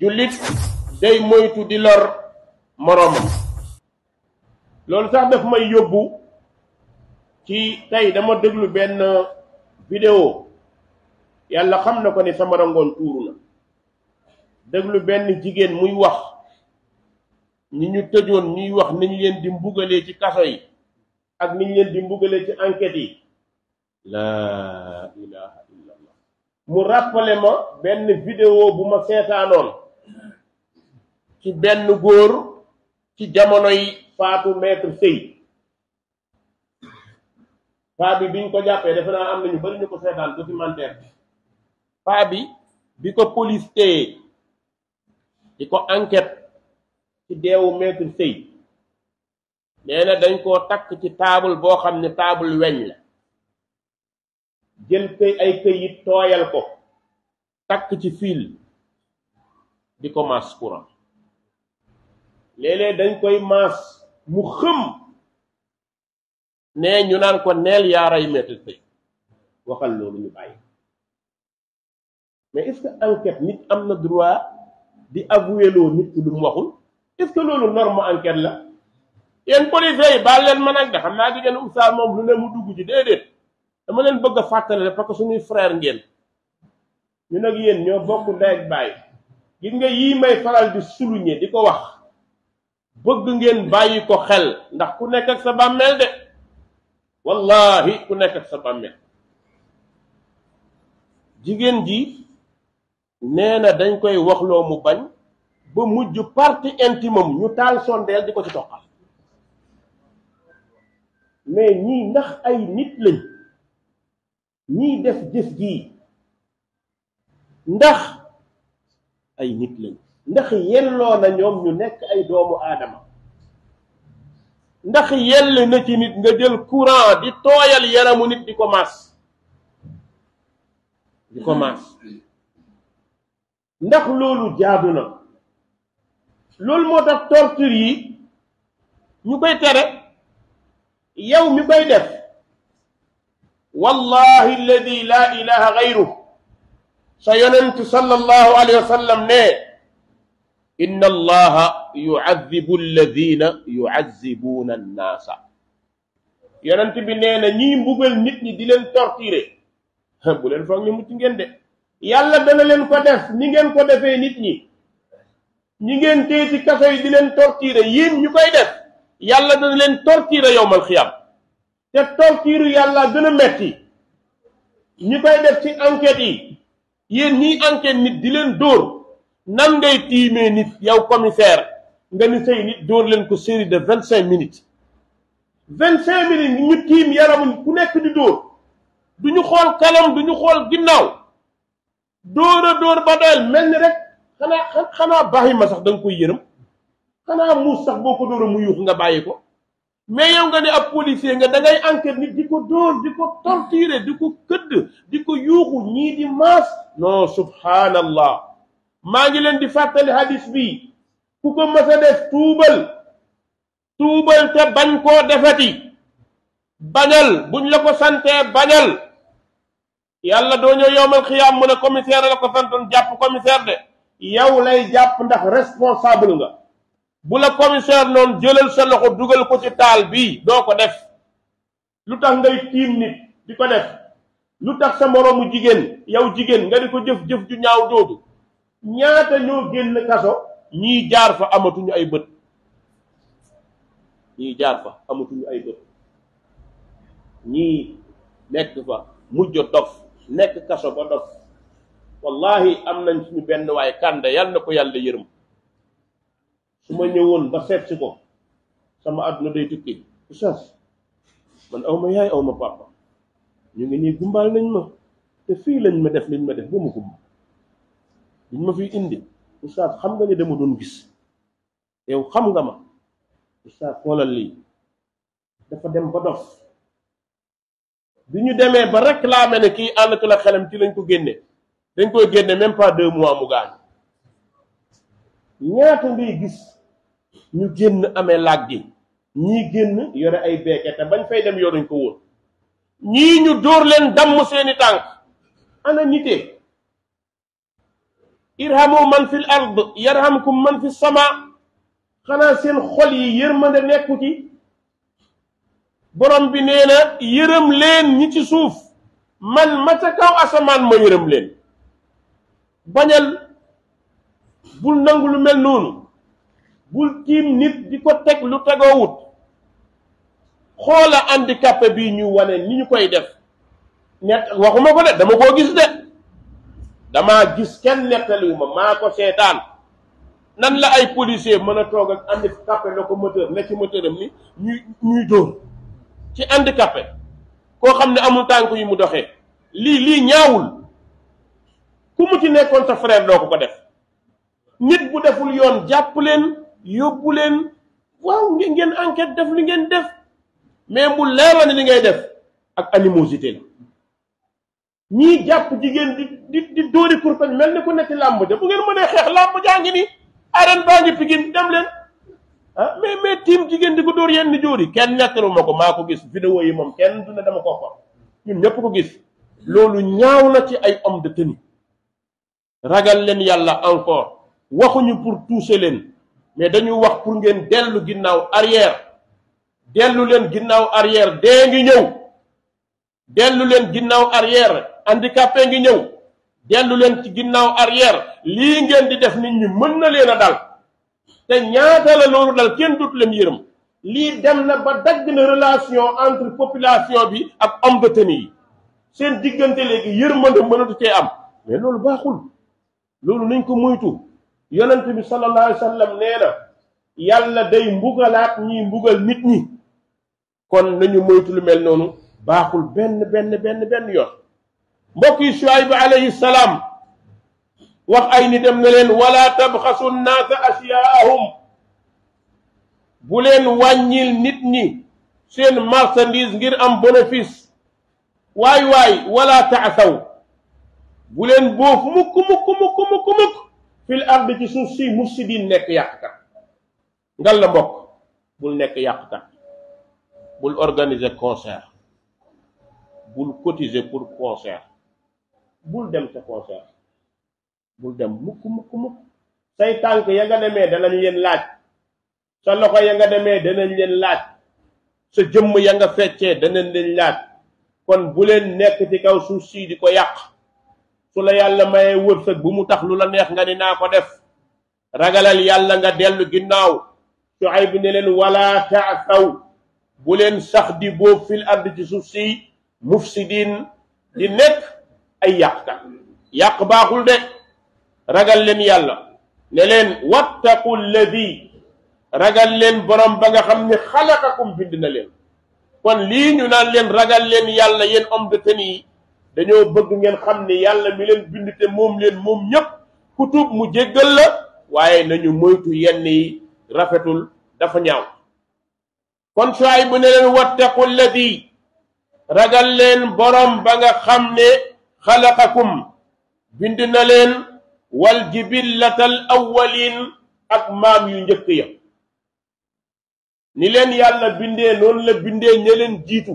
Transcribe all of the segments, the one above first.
jullit day moytu di lor moroomam loolu sax daf may yóbbu ci tey dama déglu benn vidéo yàlla xam na ko ni sama rangoon tuuru na déglu benn jigéen muy wax ñi ñu tëjoon ñuy wax ni ñu leen di mbugalee ci kaso yi ak ni ñu leen di mbugalee ci enquête yi laa ilaha illallah mu rappelé ma benn vidéo bu ma seetaanoon ci benn góor ci jamonoy yi faatu maître sëy faa bi biñ ko jàppee defe naa am nañu bari ñu ko seetaan documentaire bi faa bi bi ko police téye di ko enquête ci deewu maître sëy nee dañ koo takk ci taabul boo xam ne taabul weñ la jël këy ay këyit tooyal ko takk ci fil di ko mas courant léeg dañ koy maas mu xëm ne ñu naan ko neel yaaray metti tey waxal loolu ñu bàyyi mais est-ce nit am na droit di avouer loo nit ki lu mu waxul est-ce que loolu norme enquête la yéen police yi baal leen ma nag de xam naa di ngeen oustaz moom lu ne mu dugg ci déedéet dama leen bëgg a fàttale parce que suñuy frère ngeen ñu nag yéen ñoo bokk ndey ak baay gis nga yii may faral di souligner di ko wax bëgg ngeen bàyyi ko xel ndax ku nekk ak sa bàmmeel de wallahi ku nekk ak sa bàmmeel jigéen ji nee na dañ koy waxloo mu bañ ba mujj partie intime am ñu taal sondeel di ko ci toqal mais ñii ndax ay nit lañ ñii def jëf jii ndax ay nit lañ ndax yelloo na ñoom ñu nekk ay doomu aadama ndax yell na ci nit nga jël courant di tooyal yaramu nit di ko maas di ko maas ndax loolu jaadu na loolu moo tax torture yi ñu koy tere yow mi koy def wallahi alladi la ilaha gayru sa yonent sallallahu alayhi wa sallam nee إن الله يعذب الذين يعذبون الناس يرانتي بي نينا ني مبل نيت ني ديلن تورتيري بولن فوك ني موتي نين دي يالا دا نالين كو ديف ني نين كو ديفي نيت ني ني نين تي تي كافاي ديلن تورتيري يين ني كاي ديف يالا دا نالين تورتيري يوم القيامه تي تورتيرو يالا غنا متي ني كاي ديف سي انكيت يين ني انكيت نيت ديلن دور nan ngay tiimee nit yow commissaire nga ni say nit dóor leen ko série de vingt cinq minutes vingt cinq minutes ñu tiim yaramuñ ku nekk di dóor du ñu xool kanam du ñu xool ginnaaw dóor door dóor ba doyal mel ni rek xanaa xanaa baax ma sax da koy yërëm xanaa mu sax boo ko dóor yuux nga bàyyi ko mais yow nga ni ab policier nga dangay ngay nit di ko dóor di ko torturer di ko këdd di ko yuuxu ñii di maas non subhanallah ma ngi len di fatali hadith bi ku ko ma def tubal tubal te bagn ko defati bagnal buñ la ko santee bagnal yalla do ñoo yowal xiyaam mu ne commissaire la ko japp commissaire de yow lay japp ndax responsable nga bu la commissaire non jëlal sa loxo duggal ko ci taal bi do ko def lu ngay tim nit diko def lu sa moroomu jigen yow jigen nga diko jëf jëf ju ñaaw ñaata ñoo génn kaso ñii jaar fa amatuñu ay bët ñii jaar fa amatuñu ay bët ñii nekk fa mujj dof nekk kaso ba dof wallahi am nañ suñu benn waay kànda yal na ko yàlla yërëm su ba seet si ko sama aduna day tukki oustaz man ma yaay ma papa ñu ngi nii gumbaal nañ ma te fii lañ ma def liñ ma def ba ma liñ ma fiy indi oustaz xam nga ne dama doon gis yow xam nga ma oustaz xoolal lii dafa dem ba dof bi ñu demee ba rek laa mel ne kii àllatul la xelam ci lañ ko génne dañ koy génne même pas deux mois mu gaañ ñaata ngay gis ñu génn amee laaj gi ñii génn yore ay beeke te bañ fay dem yoruñ ko woon ñii ñu dóor leen damm seeni tànk a nitee irhamu man fil ard yarhamkum man fis sama xanaa sen xol yi yërmande nekku ci borom bi neena na len ñi ci suuf man ma ca kaw asaman ma yërëm len bañal bul nangul mel non bul tim nit diko tek teg lu tegoowut xola handicap bi ñu wone ni ñu koy def net waxuma ko de dama ko gis de damaa gis kenn nettaliwu ma maa ko seetaan nan la ay policier mën a toog ak handicapé locomoteur ne ci moteur am ni ñuy ñuy dóor ci ànd handicapé koo xam ne amul tànk yu mu doxee lii lii ñaawul ku mu ci nekkoon sa frère doo ko ko def nit bu deful yoon jàpp leen yóbbu leen waaw ngeen enquête def li ngeen def mais mu leeroon ne li ngay def ak animosité ñii jàpp jigéen di di di dóori kurpañ mel ni ku nekk làmb ja bu ngeen mënee xeex làmb jaa ngi nii arène baa ngi Pikine dem leen ah mais mais tiim jigéen di ko dóor yenn di jóori kenn nettalu ma ko maa ko gis vidéo yi moom kenn du ne dama ko xool ñun ñëpp ko gis loolu ñaaw na ci ay homme de tenue ragal leen yàlla encore waxuñu pour toucher leen mais dañuy wax pour ngeen dellu ginnaaw arrière dellu leen ginnaaw arrière dee ngi ñëw dellu leen ginnaaw arrière handicapé ngi ñëw dellu leen ci ginnaaw arrière lii ngeen di def nit ñi mën na leen a dal te ñaata la loolu dal kenn dut leen yërëm lii dem na ba dagg na relation entre population bi ak homme de tenue yi seen diggante léegi na mënatu cee am mais loolu baaxul loolu nañ ko muytu yonent bi sallallahu alayhi wa sallam nee na yàlla day mbugalaat ñiy mbugal nit ñi kon nañu moytu lu mel noonu baaxul ben ben ben ben yoon mbokk yi Shuayb alayhi salam wax ay ni dem na leen wala tabxasu nnaasa asiyaahum bu leen wàññil nit ñi seen marchandise ngir am bénéfice waay waay wala taasaw bu leen boof mukk mukk mukk mukk mukk fil ardi ci suuf si mufsidin nekk yàqkat ngal la mbokk bul nekk yàqkat bul organiser concert bul cotiser pour concert bul dem ca concert bul dem mukk mukk mukk say tànk ya nga demee danañ leen laaj sa loxo ya nga demee danañ leen laaj sa jëmm ya nga feccee danañ leen laaj kon bu leen nekk ci kaw suuf sii di ko yàq su la yàlla mayee wërsëg bu mu tax lu la neex nga ni naa ko def ragalal yàlla nga dellu ginnaaw Shuayb ne leen wala taasaw bu leen sax di boob fil ard ci suuf sii mufsidin di nekk ay yàqkat yàq baaxul de ragal leen yàlla ne leen wattaqu lladi ragal leen borom ba nga xam ne kom bind na leen kon lii ñu naan leen ragal leen yàlla yéen homme de tenue yi dañoo bëgg ngeen xam ne yàlla mi leen bind te moom leen moom ñépp ku mu jéggal la waaye nañu moytu yenn yi rafetul dafa ñaaw kon Shuayb bu ne leen wattaqu lladi ragal leen borom ba nga xam ne xalaqakum bind na leen wal jibillatal awwalin ak maam yu njëkk ya ni leen yàlla bindee noonu la bindee ña leen jiitu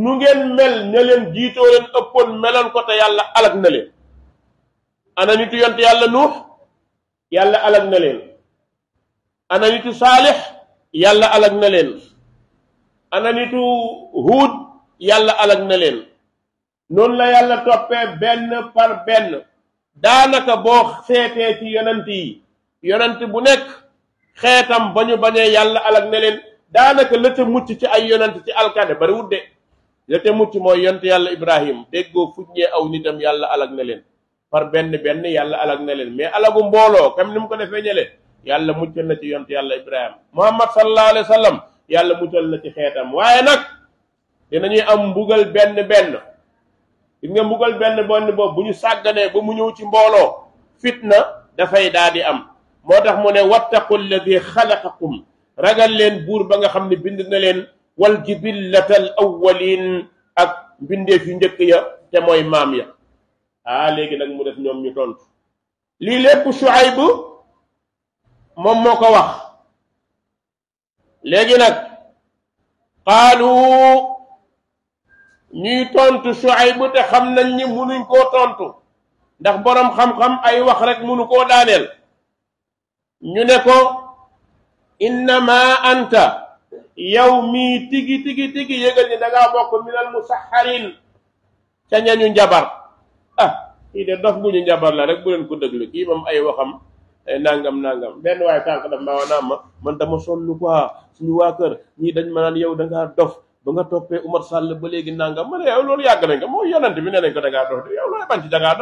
nu ngeen mel ña leen jiitoo leen ëppoon meloon ko te yàlla alag na leen ana yont yàlla nuux yàlla alag na leen ana saalix yàlla alag na leen ana nitu yàlla alag na leen noonu la yàlla toppee benn par benn daanaka boo seetee ci yonant yi yonant bu nekk xeetam ba ñu bañee yàlla alag na leen daanaka la ca mucc ci ay yonant ci alkade bari wut de la ca mucc mooy yonent yàlla ibrahim déggoo fuññee aw nitam yàlla alag na leen par benn benn yàlla alag na leen mais alagu mbooloo kam ni mu ko defee ñële yàlla muccal na ci yonent yàlla ibrahim muhammad sallallahu alayhi wa sallam yàlla muccal na ci xeetam waaye dinañuy am mbugal benn benn gis mbugal benn benn boobu bu ñu sàgganee ba mu ñëw ci mbooloo fitna dafay daa di am moo tax mu ne wattaqu alladi xalaqakum ragal leen buur ba nga xam ne bind na leen wal jibillata al awwalin ak mbindeef yu njëkk ya te mooy maam ya ah léegi nag mu def ñoom ñu tontu lii lépp Shuayb moom moo ko wax léegi nag qaalu ñuy tontu suaybu te xam nañ ni munuñ koo tontu ndax borom xam-xam ay wax rek munu koo daaneel ñu ne ko innama anta yow mii tigi tigi tigi yëgal ni dangaa bokk minal musaxarin ca ñañu njabar ah kii de dof bu ñu njabar la rek bu leen ko déglu kii moom ay waxam nangam nangam benn waaye tànk daf ma naa ma man dama sonn quoi suñu waa kër ñii dañ ma naan yow dof ba nga toppee Umar Sall ba légui nangam mané yow ya, loolu yag nañ ko mo yonent bi nee ko daga do yow ya looy ban ci da ngaa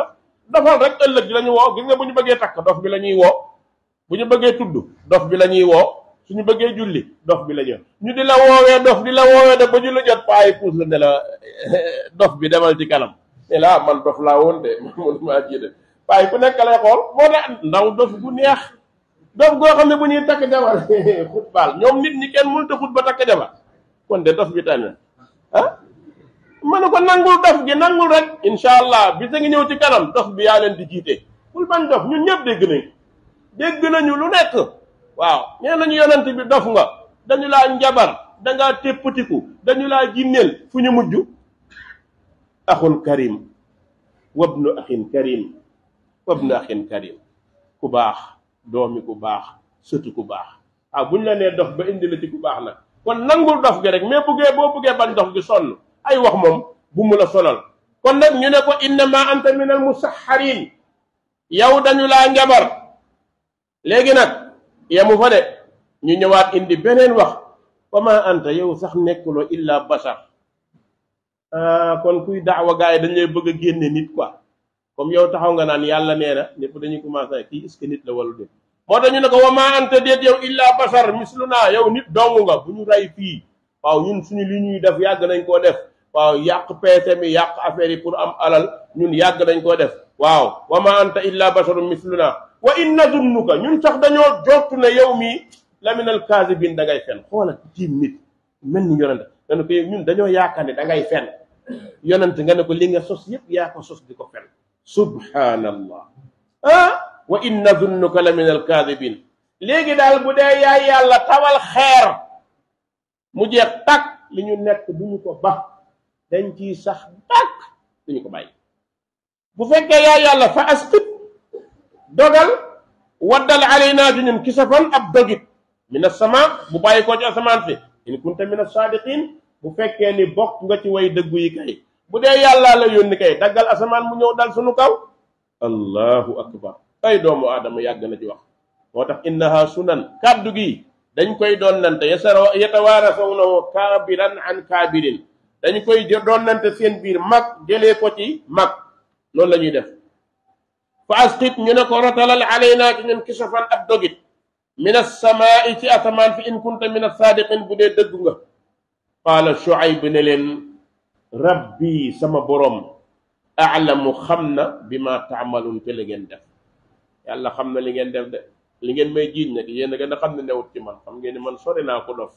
dofal rek ëlëk bi lañu wo gis nga buñu bëggé tak dof bi lañuy wo buñu bëggé tudd dof bi lañuy wo suñu bëggé julli dof bi lañu ñu di la wowe dof di la wowe da ba julli jot pay pouss la ne dof bi demal ci kanam ila man dof la won de mo ma ci de pay ku nekk lay xol mo ne ndaw dof bu neex dof go xam buñu tak jabar nit ñi kenn mënut a xutba takk jabar kon de dof bi tan ah man ko nangul dof gi nangul rek inshallah allah bi te ngi ñew ci kanam dof bi ya len di jité bul bañ dof ñun ñepp dégg nañ dégg nañu lu nekk waaw nee lañu yonent bi dof nga dañu la njabar da ngaa téppatiku dañu la jinnel fu ñu karim wabnu akhin karim wabnu akhin karim ku bax domi ku bax sëtu ku bax ah buñ la né dof ba indi la ci ku bax nak kon nangul dof gi rek mais buggee bo buggee ban dof gi son ay wax mom bu mu la sonal kon nak ñu ne ko ma anta min al musahharin yow dañu la njabar léegi nak yamu fa de ñu ñëwaat indi benen wax ma anta yow sax illa ah kon kuy da'wa gaay dañ lay bëgg a nit quoi comme yow taxaw nga naan yalla nee na dañuy commencé ki est ce nit la walu def moo tax ñu ne ko wa maa anta déet yow illaa basar misluna yow nit dong nga bu ñu rey fii waaw ñun suñu li ñuy def yàgg nañ koo def waaw yàq peese mi yàq affaire yi pour am alal ñun yàgg nañ koo def waaw wa maa anta illaa mislu misluna wa in nazunnuka ñun sax dañoo jottu na yow mii laminal kaasibin da ngay fen xoolal tiim nit mel ni yonent nga ne ko ñun dañoo yaakaar ni dangay ngay fen yonent nga ne ko li nga sos yëpp yaa ko sos di ko fen subhanallah ah wa in nazunnuka la min alkaadibin léegi daal bu dee yaay yàlla tawal xeer mu jeex tàkk li ñu nekk duñu ko ba dañ ci sax tàkk duñu ko bàyyi bu fekkee yaay yàlla fa asqit dogal waddal alaynaa ci ñun kisafan ab dogit min asama bu bàyyi koo ci asamaan fi in kunta min asaadiqin bu fekkee ni bokk nga ci way dëggu yi kay bu dee yàllaa la yónni kay daggal asamaan mu ñëw dal sunu kaw allahu akbar ay doomu aadama yàgg na ci wax moo tax innaha sunan kàddu gi dañ koy doonnante yatawaarasawnahu kaabiran an kaabirin dañ koy doonnante seen biir mag jëlee ko ci mag loolu la ñuy def fa asqit ñu ne ko rotalal alaynaa ci ñun kisafan ab dogit min assamaa'i ci asamaan fi in kunta min assaadiqin bu dee dëggu nga qaala Shuayb ne leen rabbi sama boroom aalamu xam na bi ma taamaluun te la ngeen def yàlla xam na li ngeen def de li ngeen may jiiñ nag yéen a gën a xam ne newut ci man xam ngeen ni man sori naa ko dof